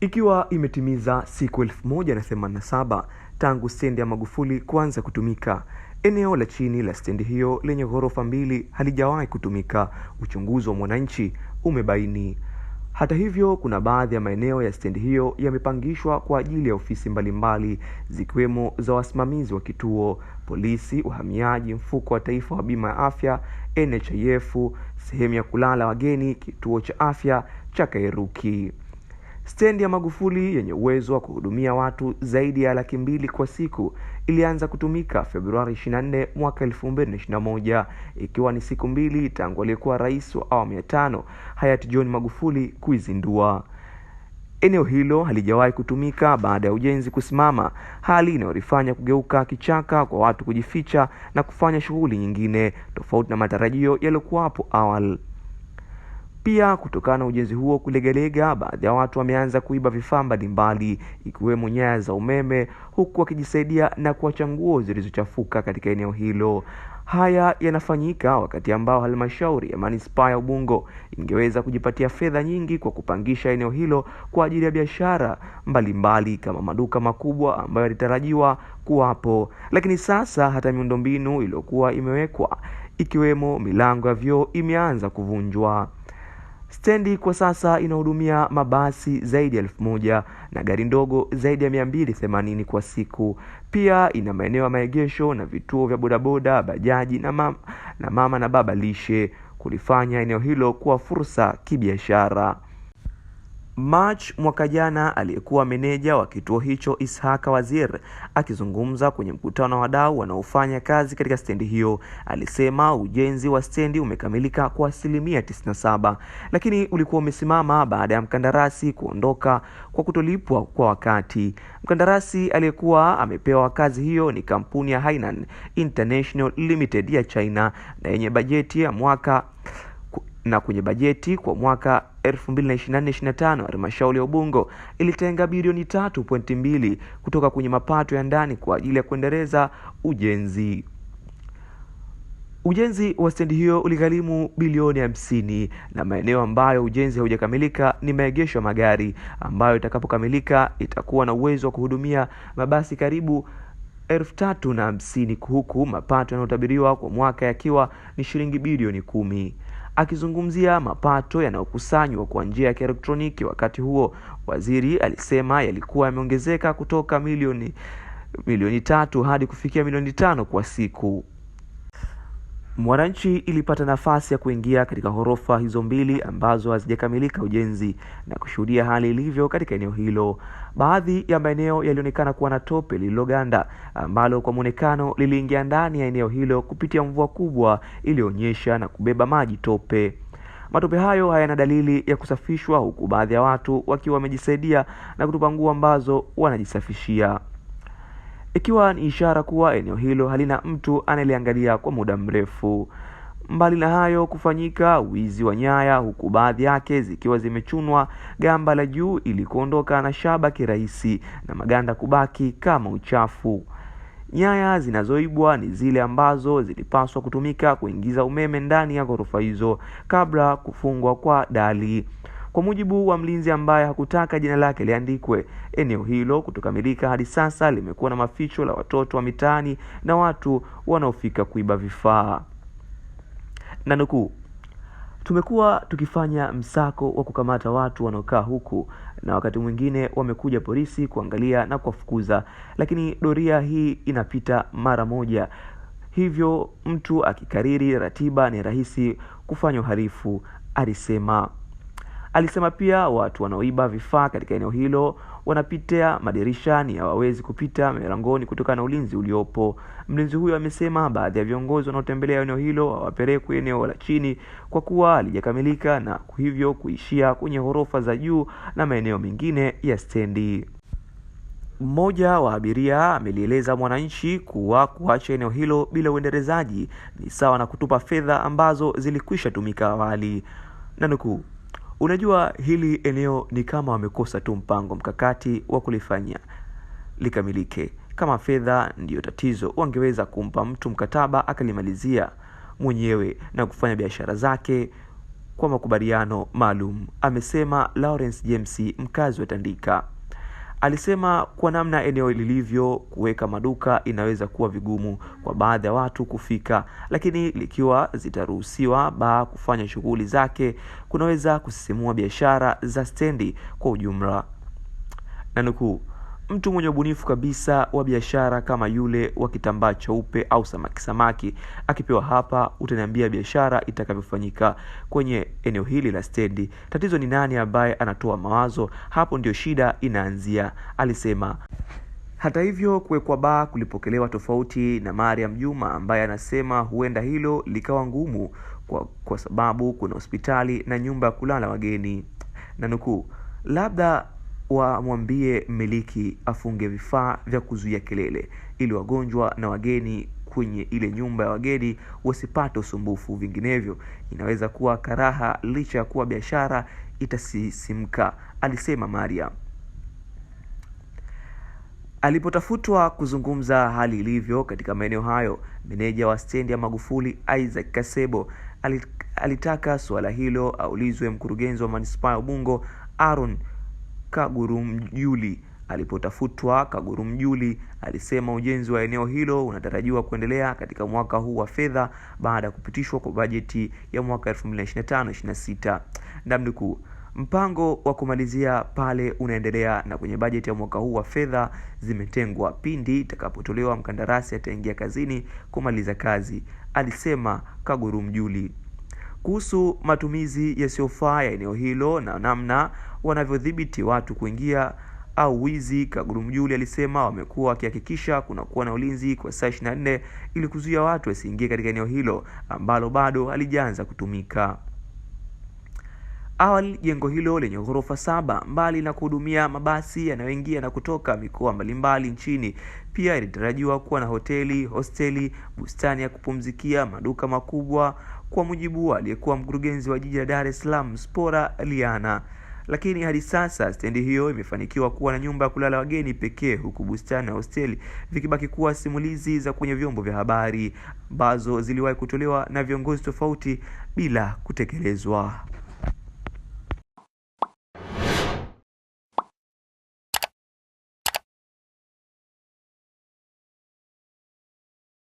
Ikiwa imetimiza siku 1087 tangu stendi ya Magufuli kuanza kutumika, eneo la chini la stendi hiyo lenye ghorofa mbili halijawahi kutumika, uchunguzi wa Mwananchi umebaini. Hata hivyo, kuna baadhi ya maeneo ya stendi hiyo yamepangishwa kwa ajili ya ofisi mbalimbali zikiwemo za wasimamizi wa kituo, polisi, uhamiaji, mfuko wa taifa wa bima ya afya NHIF, sehemu ya kulala wageni, kituo cha afya cha Kairuki. Stendi ya Magufuli yenye uwezo wa kuhudumia watu zaidi ya laki mbili kwa siku ilianza kutumika Februari 24 mwaka 2021 ikiwa ni siku mbili tangu aliyekuwa rais wa awamu ya tano hayati John Magufuli kuizindua. Eneo hilo halijawahi kutumika baada ya ujenzi kusimama, hali inayolifanya kugeuka kichaka kwa watu kujificha na kufanya shughuli nyingine tofauti na matarajio yaliyokuwapo awali. Pia kutokana na ujenzi huo kulegalega, baadhi ya watu wameanza kuiba vifaa mbalimbali ikiwemo nyaya za umeme, huku wakijisaidia na kuacha nguo zilizochafuka katika eneo hilo. Haya yanafanyika wakati ambao halmashauri ya manispaa ya Ubungo ingeweza kujipatia fedha nyingi kwa kupangisha eneo hilo kwa ajili ya biashara mbalimbali kama maduka makubwa ambayo yalitarajiwa kuwapo, lakini sasa hata miundombinu iliyokuwa imewekwa ikiwemo milango ya vyoo imeanza kuvunjwa. Stendi kwa sasa inahudumia mabasi zaidi ya elfu moja na gari ndogo zaidi ya themanini kwa siku. Pia ina maeneo ya maegesho na vituo vya bodaboda, bajaji na mama na, mama na baba lishe kulifanya eneo hilo kuwa fursa kibiashara mach mwaka jana, aliyekuwa meneja wa kituo hicho Ishaka wazir akizungumza kwenye mkutano wa wadau wanaofanya kazi katika stendi hiyo alisema ujenzi wa stendi umekamilika kwa asilimia 97, lakini ulikuwa umesimama baada ya mkandarasi kuondoka kwa kutolipwa kwa wakati. Mkandarasi aliyekuwa amepewa kazi hiyo ni kampuni ya Hainan International Limited ya China na yenye bajeti ya mwaka na kwenye bajeti kwa mwaka 2024/2025 halmashauri ya Ubungo ilitenga bilioni 3.2 kutoka kwenye mapato ya ndani kwa ajili ya kuendeleza ujenzi. Ujenzi wa stendi hiyo uligharimu bilioni hamsini na maeneo ambayo ujenzi haujakamilika ni maegesho ya magari ambayo itakapokamilika itakuwa na uwezo wa kuhudumia mabasi karibu elfu tatu na hamsini huku mapato yanayotabiriwa kwa mwaka yakiwa ni shilingi bilioni kumi. Akizungumzia mapato yanayokusanywa kwa njia ya kielektroniki wakati huo, waziri alisema yalikuwa yameongezeka kutoka milioni milioni tatu hadi kufikia milioni tano kwa siku. Mwananchi ilipata nafasi ya kuingia katika ghorofa hizo mbili ambazo hazijakamilika ujenzi na kushuhudia hali ilivyo katika eneo hilo. Baadhi ya maeneo yalionekana kuwa na tope lililoganda ambalo kwa mwonekano liliingia ndani ya eneo hilo kupitia mvua kubwa iliyonyesha na kubeba maji tope. Matope hayo hayana dalili ya kusafishwa huku baadhi ya watu wakiwa wamejisaidia na kutupa nguo ambazo wanajisafishia ikiwa ni ishara kuwa eneo hilo halina mtu anayeliangalia kwa muda mrefu. Mbali na hayo kufanyika wizi wa nyaya, huku baadhi yake zikiwa zimechunwa gamba la juu ili kuondoka na shaba kirahisi na maganda kubaki kama uchafu. Nyaya zinazoibwa ni zile ambazo zilipaswa kutumika kuingiza umeme ndani ya ghorofa hizo kabla kufungwa kwa dali. Kwa mujibu wa mlinzi ambaye hakutaka jina lake liandikwe, eneo hilo kutokamilika hadi sasa limekuwa na maficho la watoto wa mitaani na watu wanaofika kuiba vifaa, na nukuu, tumekuwa tukifanya msako wa kukamata watu wanaokaa huku na wakati mwingine wamekuja polisi kuangalia na kuwafukuza, lakini doria hii inapita mara moja, hivyo mtu akikariri ratiba ni rahisi kufanya uharifu alisema. Alisema pia watu wanaoiba vifaa katika eneo hilo wanapitia madirishani, hawawezi kupita milangoni kutokana na ulinzi uliopo. Mlinzi huyo amesema baadhi ya viongozi wanaotembelea eneo hilo hawapelekwi eneo la chini kwa kuwa alijakamilika na hivyo kuishia kwenye ghorofa za juu na maeneo mengine ya stendi. Mmoja wa abiria amelieleza Mwananchi kuwa kuacha eneo hilo bila uendelezaji ni sawa na kutupa fedha ambazo zilikwisha tumika awali, nanukuu Unajua hili eneo ni kama wamekosa tu mpango mkakati wa kulifanya likamilike. Kama fedha ndiyo tatizo, wangeweza kumpa mtu mkataba akalimalizia mwenyewe na kufanya biashara zake kwa makubaliano maalum, amesema Lawrence James, mkazi wa Tandika. Alisema kwa namna eneo lilivyo, kuweka maduka inaweza kuwa vigumu kwa baadhi ya watu kufika, lakini likiwa zitaruhusiwa baa kufanya shughuli zake, kunaweza kusisimua biashara za stendi kwa ujumla. na nukuu mtu mwenye ubunifu kabisa wa biashara kama yule wa kitambaa cheupe au samaki samaki akipewa hapa, utaniambia biashara itakavyofanyika kwenye eneo hili la stendi. Tatizo ni nani ambaye anatoa mawazo? Hapo ndio shida inaanzia, alisema. Hata hivyo kuwekwa baa kulipokelewa tofauti na Mariam Juma ambaye anasema huenda hilo likawa ngumu kwa, kwa sababu kuna hospitali na nyumba ya kulala wageni na nukuu, labda wamwambie mmiliki afunge vifaa vya kuzuia kelele ili wagonjwa na wageni kwenye ile nyumba ya wageni wasipate usumbufu, vinginevyo inaweza kuwa karaha, licha ya kuwa biashara itasisimka, alisema Maria. Alipotafutwa kuzungumza hali ilivyo katika maeneo hayo, meneja wa stendi ya Magufuli Isaac Kasebo alitaka suala hilo aulizwe mkurugenzi wa manispaa ya Ubungo Aaron Kagurumjuli. Alipotafutwa, Kagurumjuli alisema ujenzi wa eneo hilo unatarajiwa kuendelea katika mwaka huu wa fedha baada ya kupitishwa kwa bajeti ya mwaka 2025 namnikuu mpango wa kumalizia pale unaendelea na kwenye bajeti ya mwaka huu wa fedha zimetengwa. Pindi itakapotolewa, mkandarasi ataingia kazini kumaliza kazi, alisema Kagurumjuli kuhusu matumizi yasiyofaa ya eneo hilo na namna wanavyodhibiti watu kuingia au wizi. Kagurumjuli alisema wamekuwa wakihakikisha kunakuwa na ulinzi kwa saa 24 ili kuzuia watu wasiingie katika eneo hilo ambalo bado halijaanza kutumika. Awali jengo hilo lenye ghorofa saba, mbali na kuhudumia mabasi yanayoingia na kutoka mikoa mbalimbali nchini, pia ilitarajiwa kuwa na hoteli, hosteli, bustani ya kupumzikia, maduka makubwa, kwa mujibu wa aliyekuwa mkurugenzi wa jiji la Dar es Salaam Spora Liana. Lakini hadi sasa stendi hiyo imefanikiwa kuwa na nyumba ya kulala wageni pekee, huku bustani na hosteli vikibaki kuwa simulizi za kwenye vyombo vya habari ambazo ziliwahi kutolewa na viongozi tofauti bila kutekelezwa.